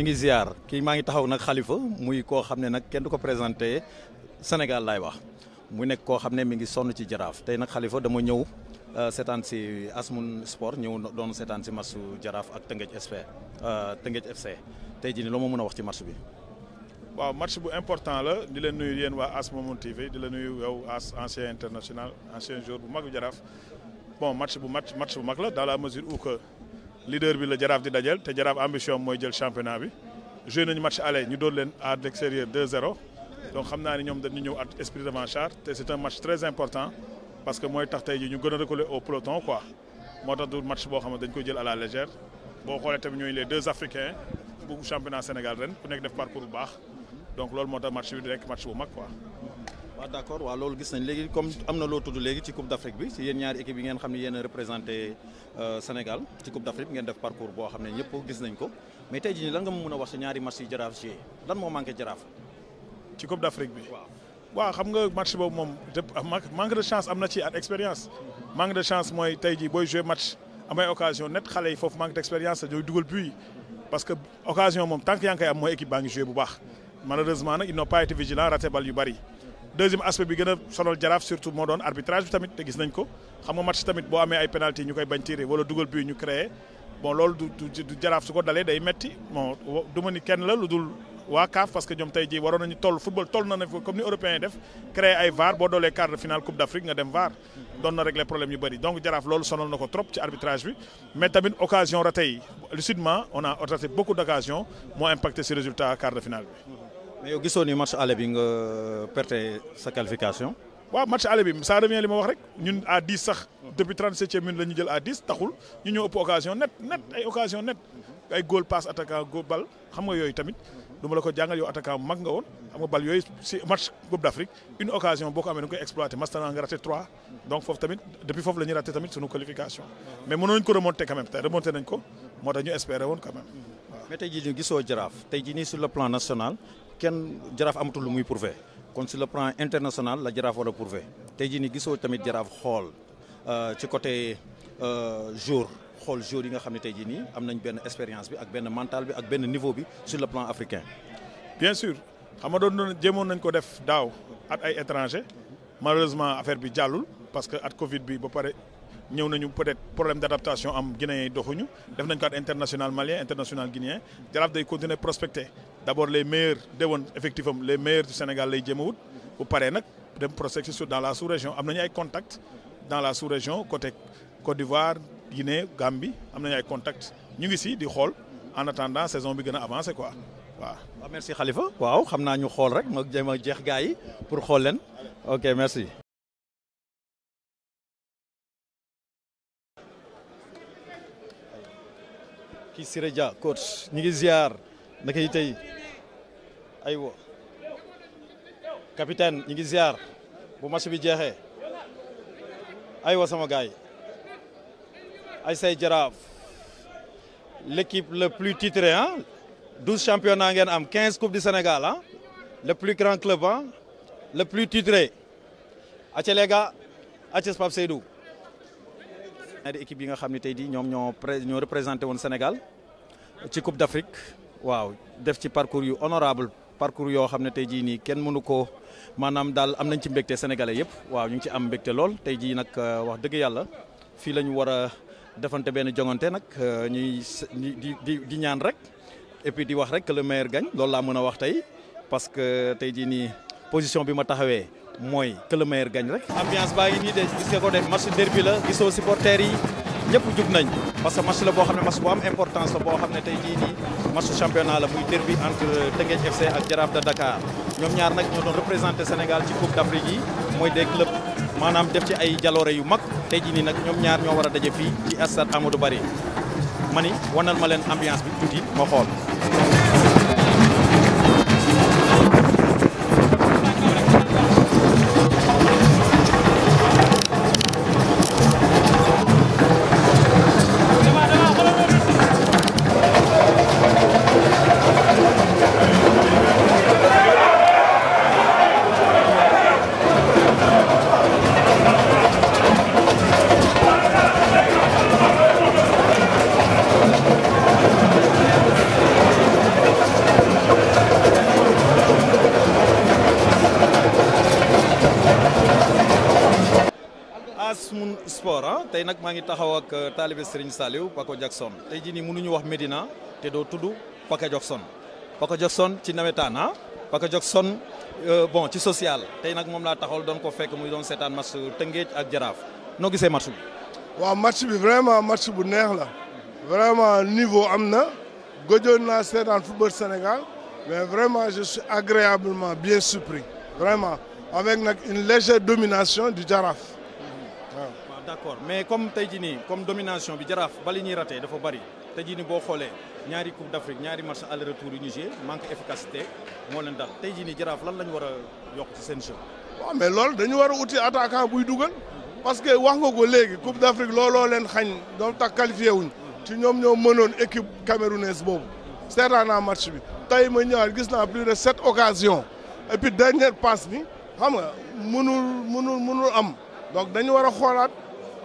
ñu ngi ziar kii maa ngi taxaw nag xalifa muy koo xam ne nag kenn du ko présenté Sénégal laay wax mu nekk koo xam ne mi ngi sonn ci jaraaf tey nag xalifa dama ñëw euh, seetaan si Asmoon Sport ñëw doon seetaan si matchu jaraaf ak Tëngéej SP euh, Tëngéej FC tey jii nii loo ma mën a wax ci match bi. waaw match bu important la di leen nuyu yéen waa As Moon TV di la nuyu yow As ancien international ancien joueur bu mag bu jaraaf bon match bu match match bu mag la dans la mesure où que leader bi la jaraaf di dajeel te jaraaf ambition mooy jël championnat bi joué nañu match aller ñu doon leen à l'extérieur 2-0 donc xam naa ni ñoom dañu ñëw at esprit de revanchard te c'est un match très important parce que mooy tax tey jii ñu gën a recoller au peloton quoi moo tax du match boo xam ne dañ koy jël à la légère boo xoolee tamit ñooy les deux africains bu championnat Sénégal ren ku nekk def parcours bu baax donc loolu moo tax match bi di match bu mag quoi waaw d'accord wa waaw loolu gis nañ légui comme amna lo loo légui ci Coupe d'Afrique bi ci yeen ñaari équipe yi ngeen xamni yeen représenter euh, Sénégal ci Coupe d'Afrique, Afrique ngeen def parcours bo xamni ñepp ñëpp gis nañ ko mais tey jii la nga mëna wax ci ñaari match yi jaraaf ji lan moo manqué jaraaf. ci Coupe d'Afrique bi Wa, wa xam nga match bobu mom manque de chance amna ci expérience. manque de chance moy tey jii boy, jouer match amay occasion net xalé yi fofu manque d'expérience, expérience la ñooy but parce que occasion mom tant que yaa am moy équipe baa jouer joué bu baax malheureusement nag ils n'ont pas été vigilants raté bal yu bari deuxième aspect bi gëna a sonal jaraaf surtout moo doon arbitrage bi tamit te gis nañ ko xam nga match tamit boo amee ay penalty ñu koy bañ tiré wala dugal bi ñu créé bon loolu du du jaraaf su ko dalee day metti bon du ma ni kenn la lu dul waa parce que ñoom tey jii waroon nañu toll football toll na ne comme ni européens def créé ay VAR boo doolee quart de finale Coupe d'Afrique nga dem VAR doon na régler problème yu bëri donc jaraaf loolu sonal na ko trop ci arbitrage bi mais tamit occasion raté yi lucidement on a raté beaucoup d' occasion moo impacté si résultat quart de finale bi mais yow gisoo le match aller bi nga euh, sa qualification. le match aller bi ça revient ce que wax rek ñun à 10 sax depuis 37e minute la ñu jël à 10 taxul ñu eu ëpp occasion net net ay occasion net ay goal passe attaquant goal bal xam nga yooyu tamit du ma la ko jàngal yow attaquant mag nga woon xam nga bal yooyu match Coupe d'Afrique une occasion boo ko koy exploité Mastana nga raté 3 donc tamit depuis foofu la ñuy raté tamit nos qualification mais mënoon nañ ko remonté quand même te remonté nañ ko moo ñu quand même. mais tey jii ñu gisoo Giraffe. tey sur le plan national kenn jaraaf amatul lu muy prouvé kon si le plan international la jaraaf war a prouvé tey jii nii gisoo tamit jaraaf xool euh, ci côté euh, jour xool jour yi nga xam ne tey jii nii am nañ benn expérience bi ak benn mental bi ak benn niveau bi sur le plan africain. bien sûr xam nga doon jéemoon nañ ko def daaw at ay étranger malheureusement affaire bi jàllul parce que at Covid bi ba pare. Nous avons peut-être problème d'adaptation am guinée en doxuñu def nañ un cadre international malien international guinéen Nous devons continuer prospecter d'abord les meilleurs effectivement, les meilleurs du Sénégal les Djemoud, wut bu paree dans la sous-région am nañu ay contacts dans la sous-région côté Côte d'Ivoire Guinée Gambie am nañu ay contacts ñu ngi si en attendant saison bi gën avancer quoi merci Khalifa waaw xam naa ñu xool rek ma jeex pour xool ok merci. qui Siré coach ñi ngi ziar naka yi ay capitaine ñi ngi ziar bu match bi ay sama gaay ay say l'équipe le plus titré 12 hein? 12 championnats ngeen am coupes du Sénégal hein? le plus grand club hein? le plus titré aca les gars aca Pape Seydou ñaari équipe yi nga xam ne tey di ñoom ñoo ñoo représenté woon Sénégal ci Coupe d'Afrique waaw def ci parcours yu honorable parcours yoo xam ne tey jii nii kenn mënu ko maanaam daal am nañ ci mbégte sénégalais yëpp waaw ñu ngi ci am mbégte lool tey jii nag euh, wax dëgg yàlla fii la ñu war a defante benn jongante nag euh, ñuy di di di ñaan rek et puis di wax rek que le meilleur loolu laa mën a wax tey parce que tey jii nii position bi ma taxawee. mooy que le meilleur gagne rek. ambiance baa ngi nii de gis nga ko def match derby la gisoo supporters yi ñëpp jug nañ parce que match la boo xam ne match bu am boo xam ne tey jii nii match championnat la muy derby entre Teungueth FC ak Jaraaf de Dakar ñoom ñaar nag ñoo doon représenté Sénégal ci Coupe d'Afrique yi mooy des clubs maanaam def ci ay jaloore yu mag tey jii nii nag ñoom ñaar ñoo war a daje fii ci stade Amadou Barry ma ni wanal ma leen ambiance bi tuuti ma xool. taalibe Serigne Saliou Paco Jackson tay jii nii mënuñu wax Medina té do tudd Paco Jackson Paco Jackson ci nawétan ah Paco Jackson euh, bon ci social tay nak mom la taxol doon ko fekk muy doon seetaan match Tëngéej ak Jaraaf no gisee match bi. wa match bi vraiment match bu neex la vraiment niveau amna na gëjoon naa seetaan football Sénégal mais vraiment je suis agréablement bien surpris vraiment avec nak une légère domination du Jaraaf. D'accord. mais comme tey jii comme domination bi ba li ñuy raté dafa bari tey jii nii boo ñaari coupe d'Afrique, ñaari match aller retour ñu jé manque efficacité mo leen dal tey jii nii jaraaf lan lañ wara yok ci seen jeu. wa mais loolu dañu wara outil attaquant buy duggal parce que wax nga ko légui coupe d'Afrique, loolo leen xagn do tax qualifié wuñ. ci ñom ñoo mënon équipe camerounaise bobu seetaan naa match bi tay ma ñëwaat gis n'a plus de sept occasions et puis dernière passe bi xam nga mënul mënul mënul am donc dañu wara a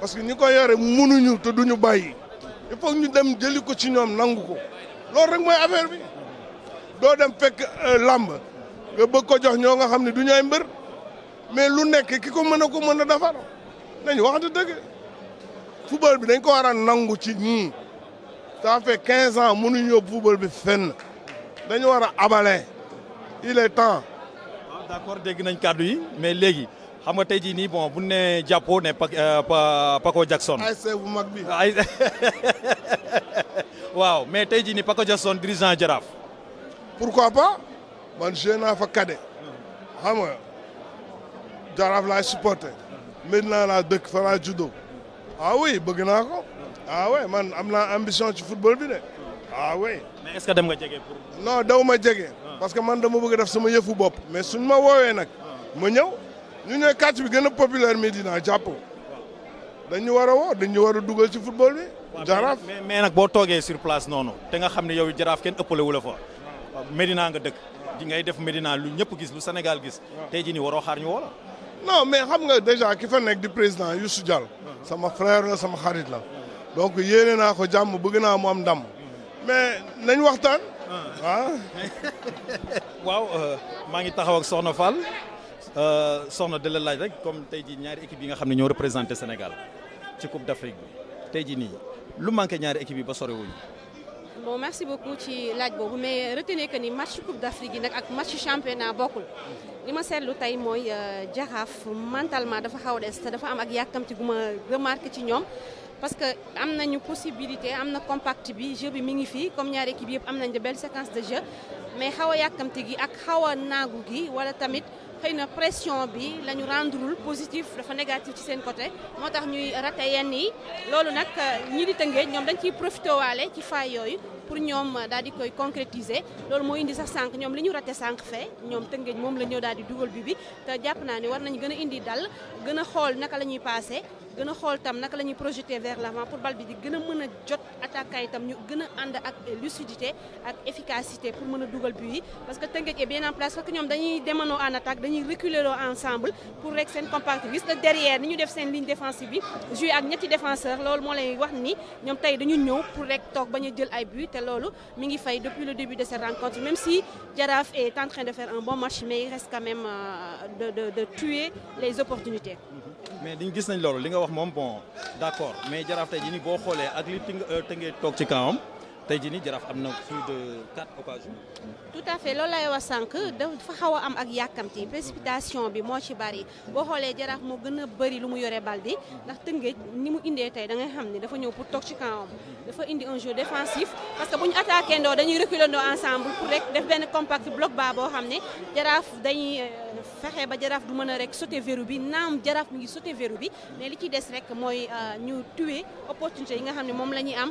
parce que ñi ko yore mënuñu te duñu bàyyi il faut ñu dem jëli ko ci ñoom nangu ko loolu rek mooy affaire bi doo dem fekk euh, làmb nga bëgg ko jox ñoo nga xam ne du ñu mbër mais lu nekk ki ko mën a ko mën a defar nañu waxante dëgg football bi dañ ko war a nangu ci ñii ça fait quinze ans mënuñu yóbbu football bi fenn dañu war a abale il est temps. waaw ah, d'accord dégg nañ kàddu yi mais léegi. xam nga tey jii nii bon bu ne jàppoo ne euh, Paco Jackson. ASC bu mag bi waaw mais tey jii nii Paco Jackson dirigeant Jaraaf. pourquoi pas man fa cadet xam nga Jaraaf laay supporter. maintenant laa dëkk fa laa judo. ah oui bëgg naa ko. ah oui man am naa ambition ci football bi ah oui. mais est-ce que dem nga jege pour. non daw ma jege. Ah. parce que man dama bëgg def sama yëfu bopp. mais suñ ma woowee nag. ma ñu ne catch bi gën a populaire Médina jàppo dañu war a woo dañu war a dugal ci football bi. jaraaf mais mais nag boo toogee sur place noonu te nga xam ne yow jaraaf kenn ëppale wu la fa. Médina nga dëkk. di ngay def Médina lu ñëpp gis lu Sénégal gis. te jii nii waroo xaar ñu woo la. non mais xam nga déjà ki fa nekk di président Youssou Diall. sama frère la sama xarit la. donc yéene naa ko jàmm bëgg naa mu am ndam. mais nañ waxtaan. ah, ah. waaw euh, maa ngi taxaw Soxna Fall. Euh, soxna di la laaj rek comme tey jii ñaari équipe yi nga xam ne ñoo représenté Sénégal ci Coupe d'Afrique bi tey jii nii lu manqué ñaari équipe yi ba sore wuñu bon merci beaucoup ci laaj boobu mais retenez que ni match Coupe d'Afrique yi nag ak match championnat bokkul li ma seetlu tey mooy euh, jaxaaf mentalement dafa xaw a des te dafa am ak yàkkamti gu ma remarqué ci ñoom parce que am nañu possibilité am na compact bi jeu bi mi ngi fii comme ñaari équipe yëpp am nañ de belle séquence de jeu ak xaw a gi wala tamit xëy na pression bi la ñu rendrewul positif dafa négatif ci seen côté moo tax ñuy raté yenn yi loolu nag euh, ñi di tëngee ñoom dañ ciy profité waale ci faay yooyu pour ñoom euh, daal di koy concrétiser loolu moo indi sax sànq ñoom li ñu raté sànq fee ñoom tëngéej moom la ñëw daal di dugal bi bi te jàpp naa ne war nañu gën a indi dal gën a xool naka la ñuy passé nous a xool tam naka projeté vers l'avant pour bal bi di gëna une attaque jot attaquant ñu lucidité ak efficacité pour nous duggal dugal parce que nous est bien en place parce que ñom dañuy en attaque dañuy reculer ensemble pour rek sen compact gis derrière nous def ligne défensive bi joué ak ñetti défenseur lool mo lay wax ni ñom tay dañu ñëw pour rek tok bañ jël ay but té loolu mi ngi fay depuis le début de cette rencontre même si Jaraaf est en train de faire un bon match mais il reste quand même euh, de tuer les opportunités mm-hmm. mais dañ gis nañ loolu li nga wax moom bon d'accord mais jaraaf ji ni boo xoolee ak li të ngee toog ci kawam. tey jii nii jaraaf am tout à fait loolu lay wax sànq dafa xaw am ak yàkkamti précipitation bi moo ci bari boo xoolee jaraaf moo gën a bëri lu mu yore bal bi ndax tëngéej ni mu indee tey da ngay xam ni dafa ñëw pour toog ci dafa indi un jeu défensif parce que bu ñu attaqué ndoo dañuy reculer ndoo ensemble pour rek def benn compact bloc bas boo xam ne jaraaf dañuy euh, fexe ba jaraaf du mën a rek sauter verrou bi naam jaraaf mu ngi sauter verrou bi mais li ci des rek mooy euh, ñu tuer opportunité yi xam ne moom la ñuy am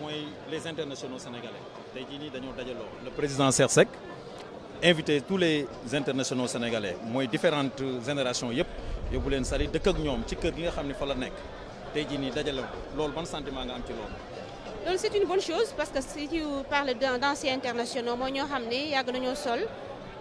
moy les internationaux sénégalais le président Cheikh Seck tous les internationaux sénégalais moy différentes générations yëpp yóbbu leen sari dëkk ak ñom ci kër gi nga xamni fa la nekk tey jii nii lool ban sentiment nga am ci lool c'est une bonne chose parce que si tu parles d'anciens internationaux mooy ñoo xamni yag nañu sol.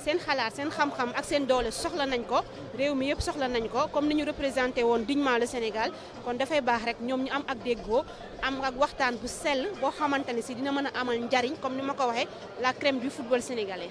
seen xalaat seen xam-xam ak seen doole soxla nañ ko réew mi yëpp soxla nañ ko comme ni ñu représenté woon dignement le Sénégal kon dafay baax rek ñoom ñu am ak déggoo am ak waxtaan bu sell boo xamante ne si dina mën a amal njariñ comme ni ma ko waxee la crème du football sénégalais.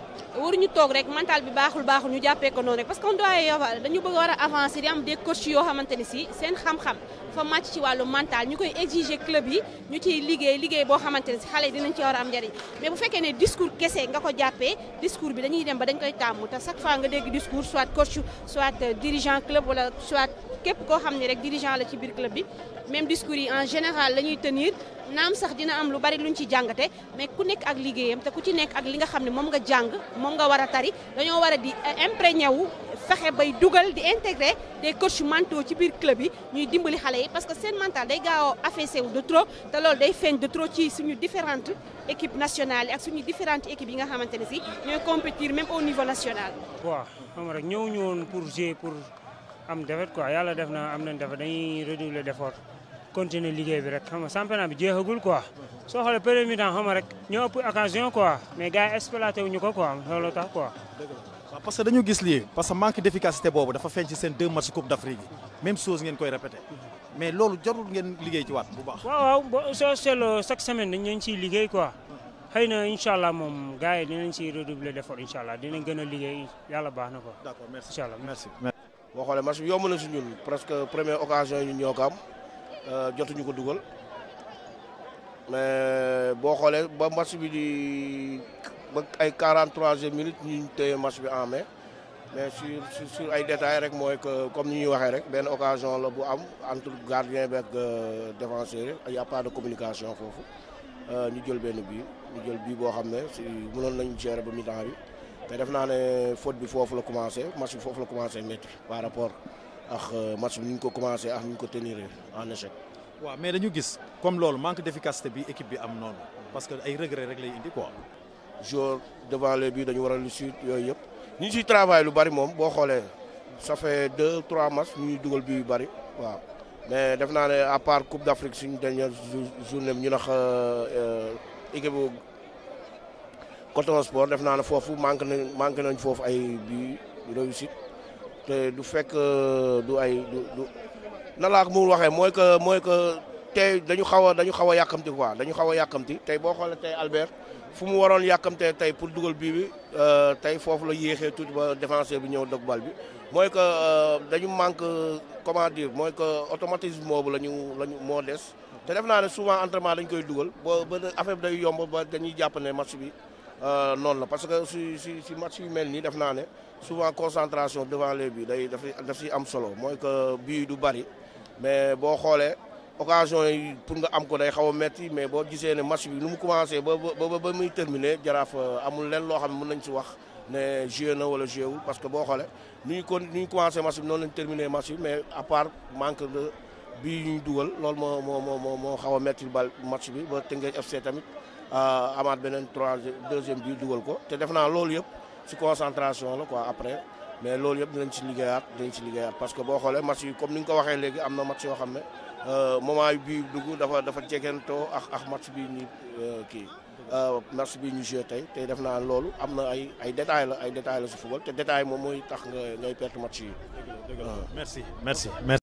waruñu toog rek mental bi baaxul baaxul ñu jàppee ko noonu rek parce que on doit yowa dañu bëgg war a avancer di am des coachs yoo xamante ni si seen xam-xam dafa màcc ci wàllu mental ñu koy exiger club yi ñu ciy liggéey liggéey boo xamante ne si xale yi dinañ ci war a am njariñ mais bu fekkee ne discours kese nga ko jàppee discours bi dañuy dem ba dañ koy tàmm te chaque fois nga dégg discours soit coach soit euh, dirigeant club wala soit képp koo xam ne rek dirigeant la ci biir club bi même discours yi en général la ñuy tenir naam sax dina am lu bari luñ ci jàngate mais ku nekk ak liggéeyam te ku ci nekk ak li nga xam ne moom nga jàng moom nga war a tari dañoo war a di imprégné wu fexe bay dugal di intégrer des coachs mentaux ci biir club yi ñuy dimbali xale yi parce que seen mental day gaaw a affaissé wu de trop te loolu day feeñ de trop ci suñu différentes équipes nationales yi ak suñu différentes équipes yi nga xamante ne si ñooy compétir même au niveau national. waaw xam rek ñëw ñëwoon pour jouer pour. am defet quoi yàlla def na am nañ defet dañuy redoubler d'effort continuer liggéey bi rek xam nga championnat bi jeexagul quoi soo xoolee premier mi-temps xam nga rek ñoo ëpp occasion quoi mais gars yi exploité wuñu ko quoi loolu tax quoi. waaw dañu gis lii parce que manque d'efficacité boobu dafa feeñ seen deux matchs coupe d'Afrique yi même chose ngeen koy répété mais loolu jarul ngeen liggéey ci waat bu baax. waaw waaw soo seetloo chaque semaine dañ leen ciy liggéey quoi xëy na incha moom gars yi dinañ ciy redoubler a boo xoolee match bi yomb na si ñun presque première occasion yi ñun ñoo ko am euh, jotuñu ko dugal mais boo xoolee ba match bi di ba ay 43e minute ñu téye match bi en main mais sur sur ay détails rek que comme ñuy rek occasion la bu am entre gardien bi ak euh, défenseur yi y a pas de communication foofu euh, ñu jël benn bii ñu jël si mënoon gérer ba mi-temps te def naa ne faute bi foofu la commencé match bi foofu la commencé métti par rapport ak euh, match bi ni ñu ko commencé ak ni ko tenir en échec. waaw mais dañu gis comme loolu manque d'efficacité bi équipe bi am non parce que ay regret rek lay indi quoi. jour devant le but dañu wara a lu si yooyu yëpp ñu ngi travail lu bari mom bo xolé ça fait 2 3 matchs ñu dugal bi bari wa. mais def naa ne à part Coupe d'Afrique suñu dernière journée ñu euh, euh équipe Coton Sport def naa ne foofu manqué nañ manqué nañ foofu ay bi réussite te du fekk euh, du ay du du na laa ko mu waxee mooy que mooy que tey dañu xaw a dañu xaw a yàkkamti quoi dañu xaw a yàkkamti tey boo xoolee tey Albert fu mu waroon yàkkamtee tey pour dugal bii bi euh, tey foofu la yéexee tuuti ba défenseur bu ñëw dog bal bi mooy que euh, dañu manque comment dire mooy que automatisme boobu la ñu la ñu moo des te def naa ne souvent entraînement dañ koy dugal ba ba affaire day yomb ba dañuy jàpp ne match bi. Euh, non la parce que si si si match yu mel ni def souvent concentration devant les buts day daf daf am solo moy que but du bari mais bo xolé occasion yi pour nga am ko day xawa metti mais bo gisé ne match bi nu mu commencé ba ba ba muy terminer jaraf euh, amul len lo xam ne mën nañ ci wax ne joué na wala joué parce que bo xolé ni ñu ko nu commencé match bi non lañ terminer match bi mais à part manque de bi ñu duggal loolu mo mo mo mo xawa metti métti bal match bi ba Teungueth FC tamit. Euh, amaat beneen troisième deuxième bi dugal ko te def naa loolu yëpp si concentration la quoi après mais loolu yëpp dinañ si liggéeyaat dinañ si liggéeyaat parce que boo xoolee match yi comme ni nga ko waxee léegi am na match yoo xam ne euh, moment bii dugg dafa dafa jegentoo ak ak match bii ñu euh, kii match bii ñu joué tey tey def naa loolu am na ay ay détails la ay détails la si football te détail moom mooy tax nga ngay perte match yi.